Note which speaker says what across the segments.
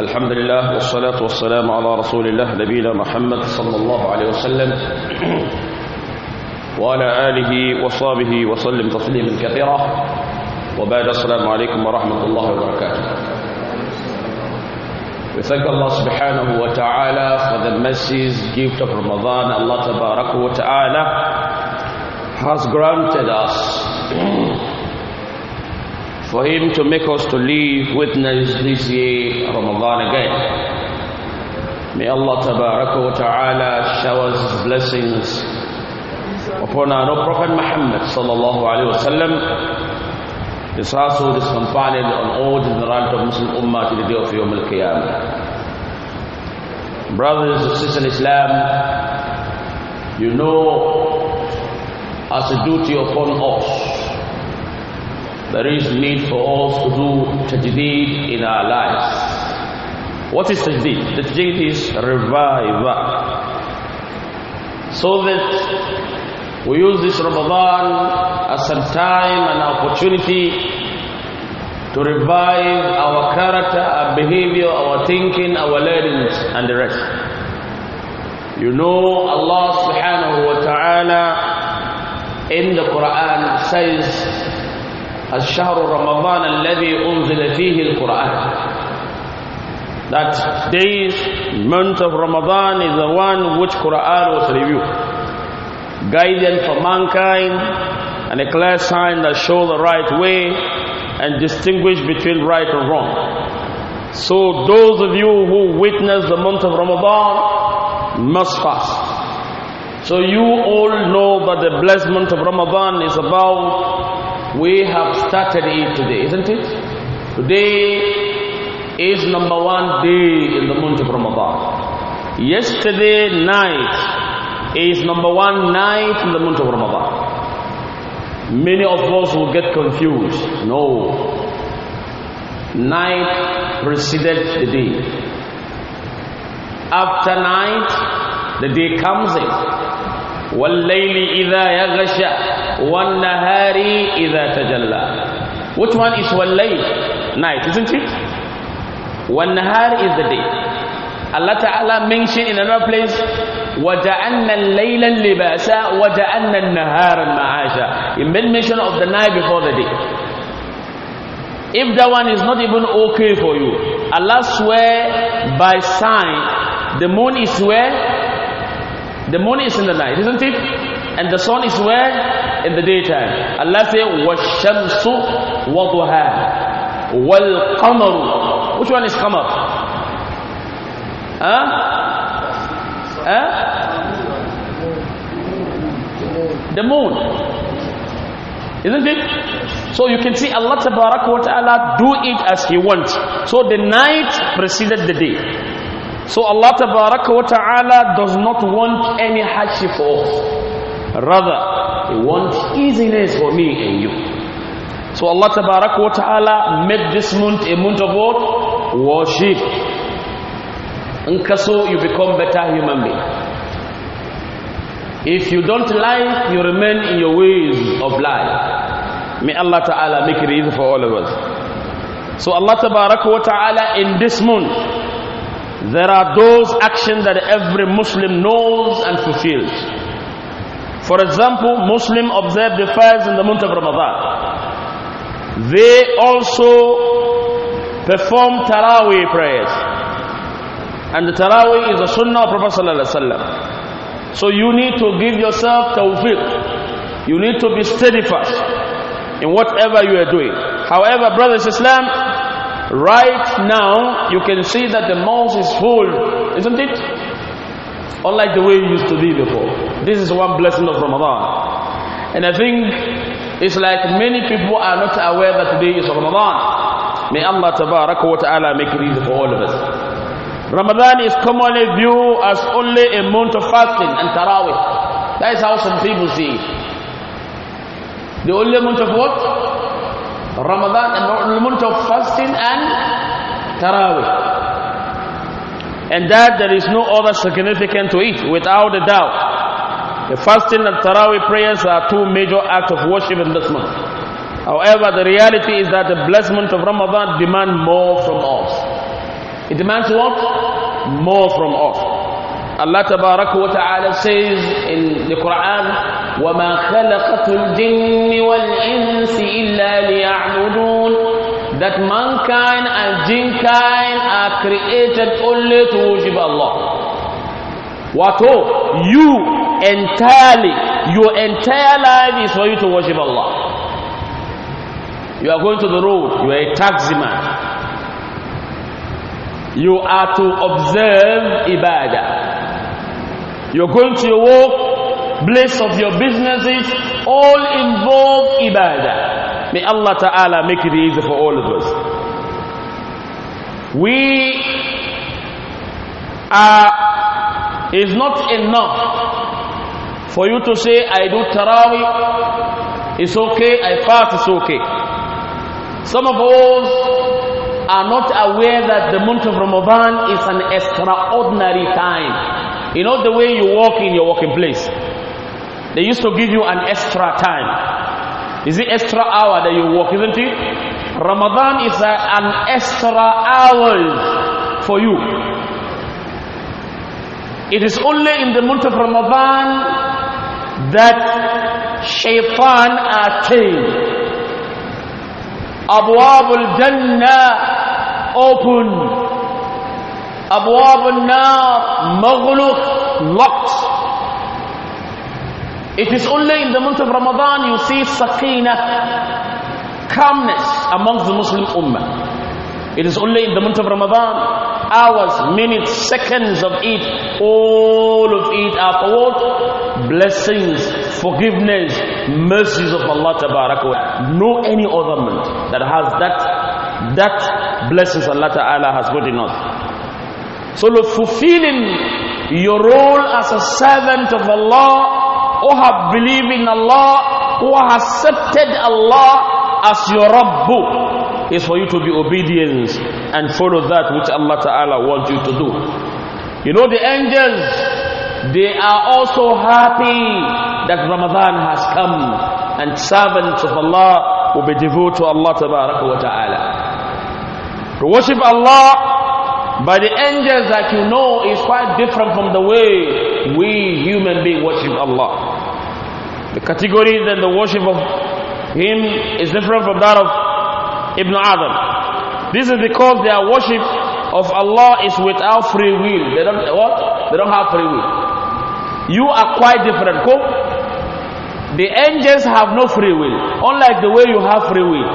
Speaker 1: الحمد لله والصلاة والسلام على رسول الله نبينا محمد صلى الله عليه وسلم وعلى آله وصحبه وسلم تسليما كثيرا وبعد السلام عليكم ورحمة الله وبركاته We thank Allah subhanahu wa ta'ala for the message gift of Ramadan. Allah tabarak wa ta'ala has granted us for him to make us to live witness this year Ramadan again. May Allah ta'ala shower his blessings upon our Prophet Muhammad sallallahu alayhi wa sallam, his household, his companion, and all the generality of Muslim Ummah to the day of Yom Al-Qiyamah. Brothers and sisters in Islam, you know as a duty upon us there is need for us to do tajdeed in our lives. What is tajdeed? Tajdeed is revival. So that we use this Ramadan as a time and opportunity to revive our character, our behavior, our thinking, our learnings, and the rest. You know, Allah subhanahu wa ta'ala in the Quran says, الشهر رمضان الذي أنزل فيه القرآن that days month of Ramadan is the one which Quran was revealed guidance for mankind and a clear sign that show the right way and distinguish between right and wrong so those of you who witness the month of Ramadan must fast so you all know that the blessed month of Ramadan is about we have started it today, isn't it? Today is number one day in the month of Ramadan. Yesterday night is number one night in the month of Ramadan. Many of us will get confused. No. Night preceded the day. After night, the day comes in. وَاللَّيْلِ إِذَا يَغَشَى وَالنَّهَارِ إِذَا تَجَلَّى Which one is وَاللَّيْلِ? Night, isn't it? وَالنَّهَارِ is the day. Allah Ta'ala mentioned in another place, وَجَعَلْنَا اللَّيْلَ اللِّبَاسَ وَجَعَلْنَا النَّهَارَ مَعَاشَ He made mention of the night before the day. If that one is not even okay for you, Allah swear by sign, the moon is where? The moon is in the night, isn't it? And the sun is where? in the daytime. Allah say, وَالشَّمْسُ وَضُهَا وَالْقَمَرُ Which one is qamar? Huh? Huh? The moon. Isn't it? So you can see Allah wa ta'ala do it as He wants. So the night preceded the day. So Allah Ta'ala does not want any hardship for us. Rather, he wants easiness for me and you. So Allah Tabarak wa Ta'ala made this month a month of what? Worship. and so you become better human being. If you don't like, you remain in your ways of life. May Allah Ta'ala make it easy for all of us. So Allah Tabarak wa Ta'ala in this month, there are those actions that every Muslim knows and fulfills. For example, Muslims observe the fast in the month of Ramadan. They also perform Taraweeh prayers. And the Taraweeh is a sunnah of Prophet Sallallahu So you need to give yourself tawfiq. You need to be steadfast in whatever you are doing. However, brothers Islam, right now you can see that the mosque is full, isn't it? unlike the way it used to be before. This is one blessing of Ramadan. And I think it's like many people are not aware that today is Ramadan. May Allah tabarak wa ta'ala make it easy for all of us. Ramadan is commonly viewed as only a month of fasting and tarawih. That is how some people see it. The only month of what? Ramadan, and the month of fasting and tarawih and that there is no other significance to it, without a doubt. The fasting and Taraweeh prayers are two major acts of worship in this month. However, the reality is that the blessed of Ramadan demands more from us. It demands what? More from us. Allah wa ta'ala says in the Quran وَمَا خَلَقَتُ الْجِنِّ وَالْإِنسِ إِلَّا لِيَعْبُدُونَ that mankind and jinkind are created only to worship Allah. What oh, you entirely, your entire life is for you to worship Allah. You are going to the road, you are a taxi man. You are to observe ibadah. You're going to your work, place of your businesses, all involve ibadah. May Allah Ta'ala make it easy for all of us. We are, is not enough for you to say, I do tarawih, it's okay, I fast, it's okay. Some of us are not aware that the month of Ramadan is an extraordinary time. You know the way you walk in your working place. They used to give you an extra time. Is the extra hour that you work, isn't it? Ramadan is a, an extra hour for you. It is only in the month of Ramadan that shaitan are tamed. أبواب Jannah open أبواب النار مغلق locked it is only in the month of Ramadan you see sakina, calmness amongst the Muslim ummah. It is only in the month of Ramadan hours, minutes, seconds of it, all of it are for what? Blessings, forgiveness, mercies of Allah Ta'ala. No any other month that has that that blessings Allah Ta'ala has good in us. So look, fulfilling your role as a servant of Allah who have believed in Allah, who have accepted Allah as your Rabbu, is for you to be obedient and follow that which Allah Ta'ala wants you to do. You know, the angels, they are also happy that Ramadan has come and servants of Allah will be devoted to Allah Ta'ala. To worship Allah by the angels that you know is quite different from the way we human beings worship Allah. The category that the worship of him is different from that of Ibn Adam. This is because their worship of Allah is without free will. They don't what? They don't have free will. You are quite different. Cool? The angels have no free will, unlike the way you have free will.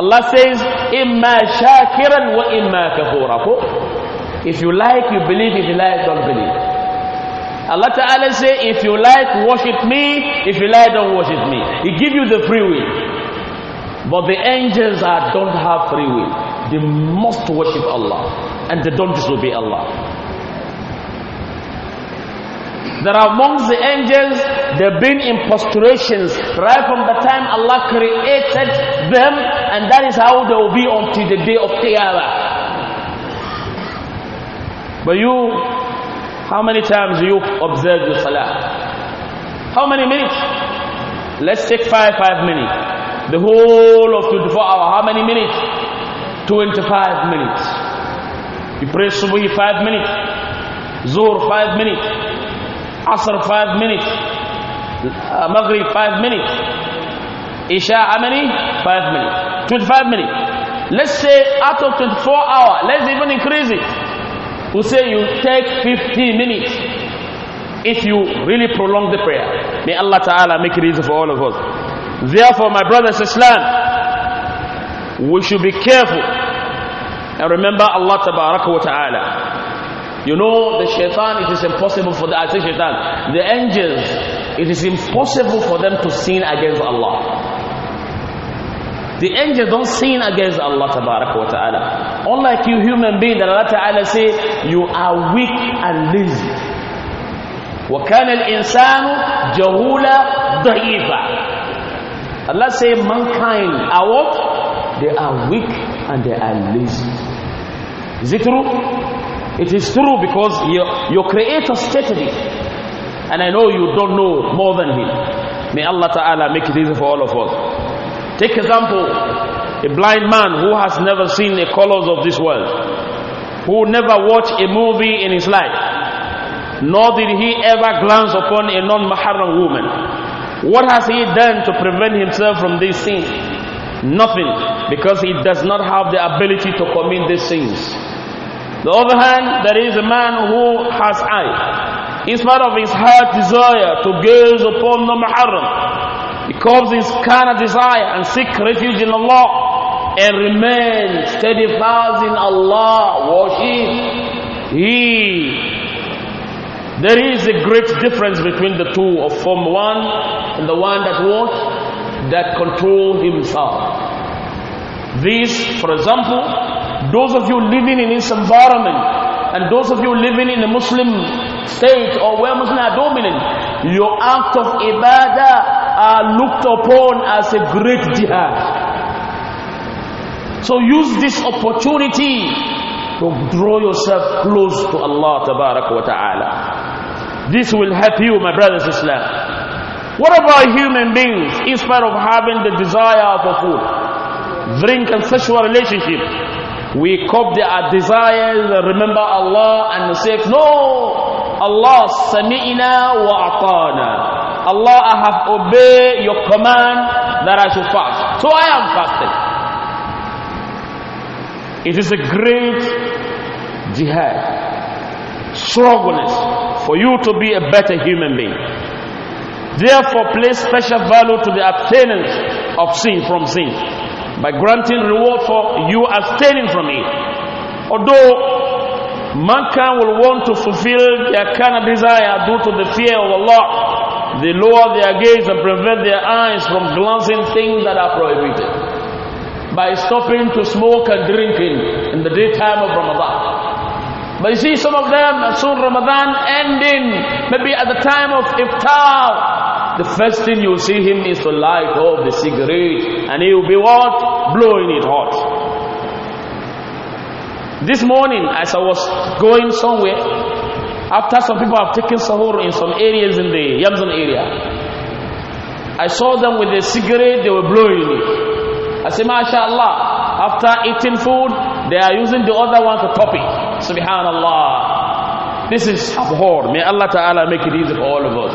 Speaker 1: Allah says, "Imma shakiran wa imma kafura." If you like, you believe. If you like, don't believe. Allah Ta'ala say, if you like, worship me. If you like, don't worship me. He give you the free will. But the angels are, don't have free will. They must worship Allah. And they don't disobey Allah. There are amongst the angels, they've been in posturations right from the time Allah created them. And that is how they will be until the day of Qiyamah. But you how many times do you observe your salah? How many minutes? Let's take five, five minutes. The whole of 24 hour, how many minutes? 25 minutes. You pray Subhi five minutes, Zuhr five minutes, Asr five minutes, uh, Maghrib five minutes, Isha how many? Five minutes. 25 minutes. Let's say out of 24 hour, let's even increase it will say you take 15 minutes if you really prolong the prayer. May Allah Ta'ala make it easy for all of us. Therefore, my brothers Islam, we should be careful and remember Allah Ta'ala. you know, the shaitan, it is impossible for the, I say shaitan, the angels, it is impossible for them to sin against Allah. The angels don't sin against Allah Ta'ala. Unlike you human being that Allah Ta'ala say, you are weak and lazy. وَكَانَ الْإِنسَانُ جَهُولًا ضَعِيفًا Allah say mankind are what? They are weak and they are lazy. Is it true? It is true because your, your creator stated it. And I know you don't know more than him. May Allah Ta'ala make it easy for all of us. Take example, a blind man who has never seen the colors of this world, who never watched a movie in his life, nor did he ever glance upon a non-mahram woman. What has he done to prevent himself from these sins? Nothing, because he does not have the ability to commit these sins. The other hand, there is a man who has eyes. In spite of his heart desire to gaze upon the mahram, becomes his carnal desire and seek refuge in Allah and remain steadfast in Allah, worship He. There is a great difference between the two of form one and the one that what? That control himself. This, for example, those of you living in this environment and those of you living in a Muslim state or where Muslims are dominant, your act of ibadah are looked upon as a great jihad. So use this opportunity to draw yourself close to Allah wa ta'ala. This will help you, my brothers and sisters. What about human beings, in spite of having the desire for food, drink and sexual relationship? We curb their desires, remember Allah and say, no, Allah sami'na wa atana. Allah, I have obeyed your command that I should fast. So I am fasting. It is a great jihad, struggleness for you to be a better human being. Therefore, place special value to the abstinence of sin from sin by granting reward for you abstaining from it. Although mankind will want to fulfill their carnal kind of desire due to the fear of Allah they lower their gaze and prevent their eyes from glancing things that are prohibited by stopping to smoke and drinking in the daytime of Ramadan. But you see, some of them, as soon Ramadan ending, maybe at the time of iftar, the first thing you see him is to light off the cigarette and he will be what? Blowing it hot. This morning, as I was going somewhere, after some people have taken sahur in some areas in the Yamzan area, I saw them with a cigarette, they were blowing it. I said, MashaAllah, after eating food, they are using the other one to top it. Subhanallah. This is abhor. May Allah Ta'ala make it easy for all of us.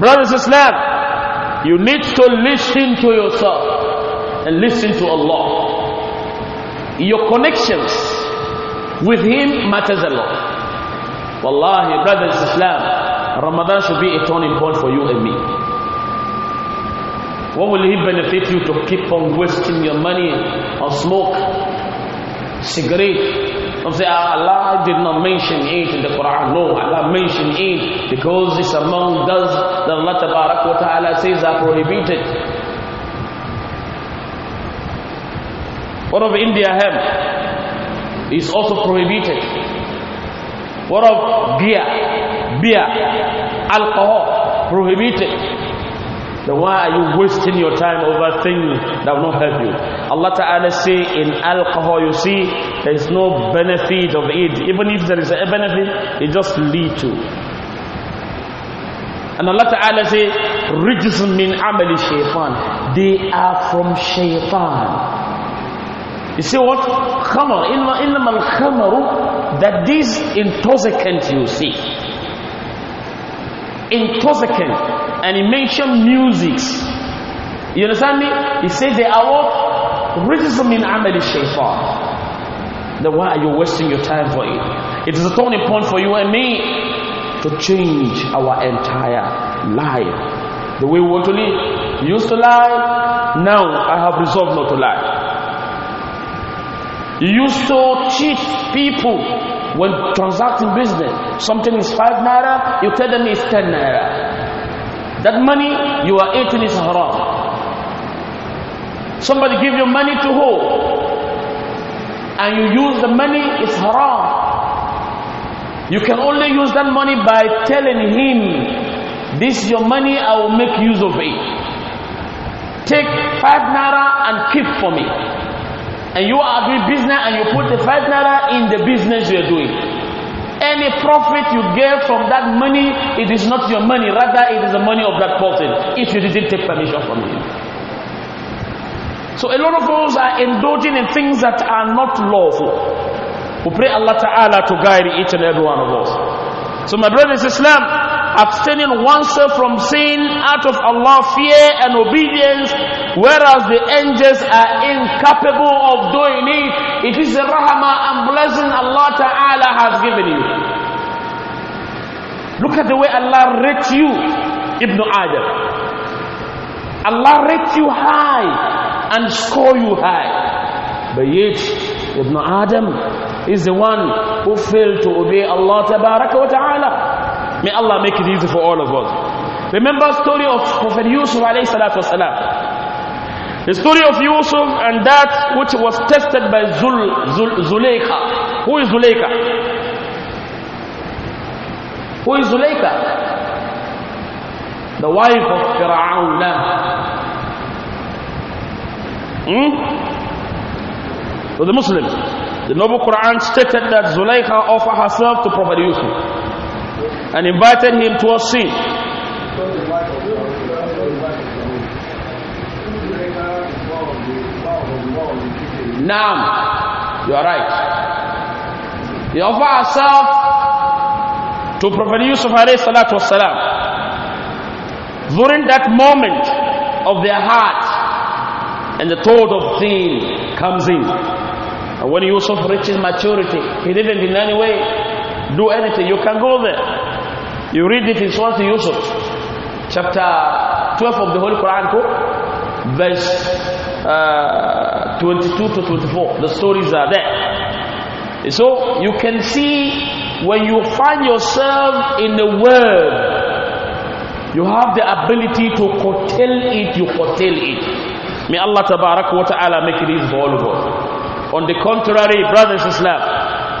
Speaker 1: Brothers and sisters, you need to listen to yourself and listen to Allah. Your connections with Him matters a lot. Wallahi, brothers Islam, Ramadan should be a turning point for you and me. What will it benefit you to keep on wasting your money on smoke, cigarette? Don't say, ah, Allah did not mention it in the Quran. No, Allah mentioned it because it's among those that Allah Ta'ala says are prohibited. What of India hemp is also prohibited. What of beer? Beer, alcohol, prohibited. Then why are you wasting your time over things that will not help you? Allah Ta'ala say in alcohol, you see, there is no benefit of it. Even if there is a benefit, it just lead to. And Allah Ta'ala say, Rijism min amali shaitan. They are from shaitan. You see what? Khamar. inna khamaru. That these intoxicant you see. Intoxicant. And he mentioned musics. You understand me? He said they are what? Racism in Amali Shaitan. Then why are you wasting your time for it? It is a turning point for you and me to change our entire life. The way we want to live. used to lie, now I have resolved not to lie. You used to cheat people when transacting business. Something is 5 naira, you tell them it's 10 naira. That money you are eating is haram. Somebody give you money to who? And you use the money, is haram. You can only use that money by telling him, This is your money, I will make use of it. Take 5 naira and keep for me and you are doing business and you put the five naira in the business you are doing. Any profit you get from that money, it is not your money, rather it is the money of that person if you didn't take permission from him. So a lot of us are indulging in things that are not lawful. We pray Allah Ta'ala to guide each and every one of us. So my brothers Islam, abstaining oneself from sin out of Allah fear and obedience Whereas the angels are incapable of doing it. It is the rahmah and blessing Allah Ta'ala has given you. Look at the way Allah rates you, Ibn Adam. Allah rates you high and score you high. But yet, Ibn Adam is the one who failed to obey Allah Ta'ala. May Allah make it easy for all of us. Remember story of Prophet Yusuf alayhi salatu wasalam. The story of Yusuf and that which was tested by Zul, Zul, Zuleika. Who is Zuleika? Who is Zuleika? The wife of Fir'aun. Hmm? So the Muslims. The Noble Quran stated that Zuleika offered herself to Prophet Yusuf and invited him to a sin. Now, you are right. He offer ourselves to Prophet Yusuf alayhi salatu wasalam. During that moment of their heart and the thought of sin comes in. And when Yusuf reaches maturity, he didn't in any way do anything. You can go there. You read it in Surah Yusuf, chapter 12 of the Holy Quran, verse uh, 22 to 24. The stories are there. So you can see when you find yourself in the world, you have the ability to curtail it, you curtail it. May Allah tabarak wa ta'ala make it easy On the contrary, brothers and sisters,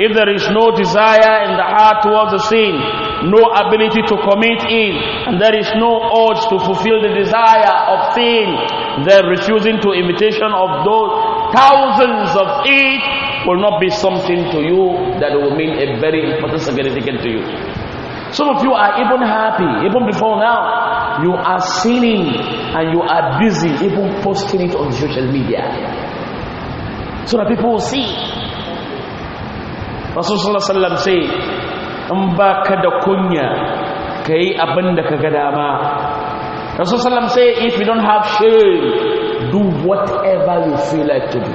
Speaker 1: if there is no desire in the heart towards the sin, no ability to commit in, and there is no urge to fulfill the desire of sin, then refusing to invitation of those thousands of it will not be something to you that will mean a very important significant to you. Some of you are even happy, even before now, you are sinning and you are busy even posting it on social media. So that people will see. Rasulullah said, in ba ka da kunya ka yi abin da ka rasu salam say if you don't have shame do whatever you feel like to do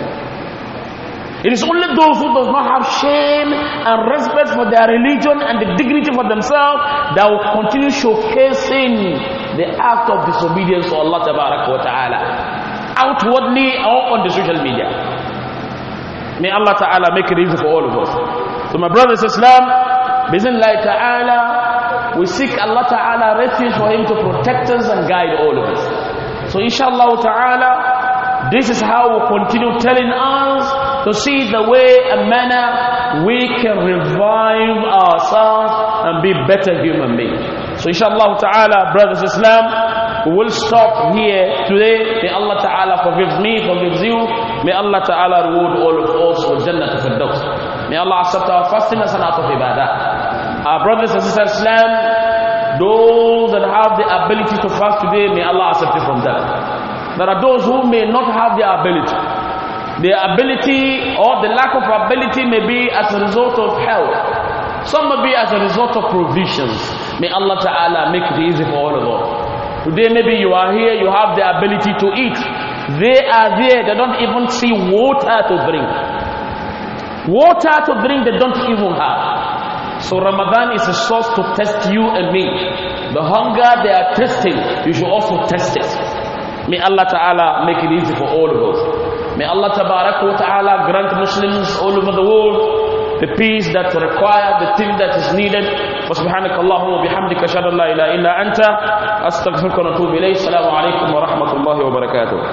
Speaker 1: it is only those who does not have shame and respect for their religion and the dignity for themselves that will continue showcasing the act of disobedience to Allah ta'ala outwardly or on the social media may Allah ta'ala make it easy for all of us so my brothers Islam Bismillah ta'ala, we seek Allah ta'ala refuge for Him to protect us and guide all of us. So inshallah ta'ala, this is how we continue telling us to see the way and manner we can revive ourselves and be better human beings. So inshallah ta'ala, brothers Islam, we will stop here today. May Allah Ta'ala forgive me, forgive you. May Allah Ta'ala reward all of us with Jannah to Firdaus. May Allah accept our fasting and our act ibadah. Our brothers and sisters Islam, those that have the ability to fast today, may Allah accept it from them. There are those who may not have the ability. Their ability or the lack of ability may be as a result of health. Some may be as a result of provisions. May Allah Ta'ala make it easy for all of us. Today maybe you are here, you have the ability to eat. They are there, they don't even see water to drink. Water to drink they don't even have. So Ramadan is a source to test you and me. The hunger they are testing, you should also test it. May Allah Ta'ala make it easy for all of us. May Allah Ta'ala grant Muslims all over the world the peace that's required, the thing that is needed. وسبحانك اللهم وبحمدك اشهد ان لا اله الا انت استغفرك واتوب اليك السلام عليكم ورحمه الله وبركاته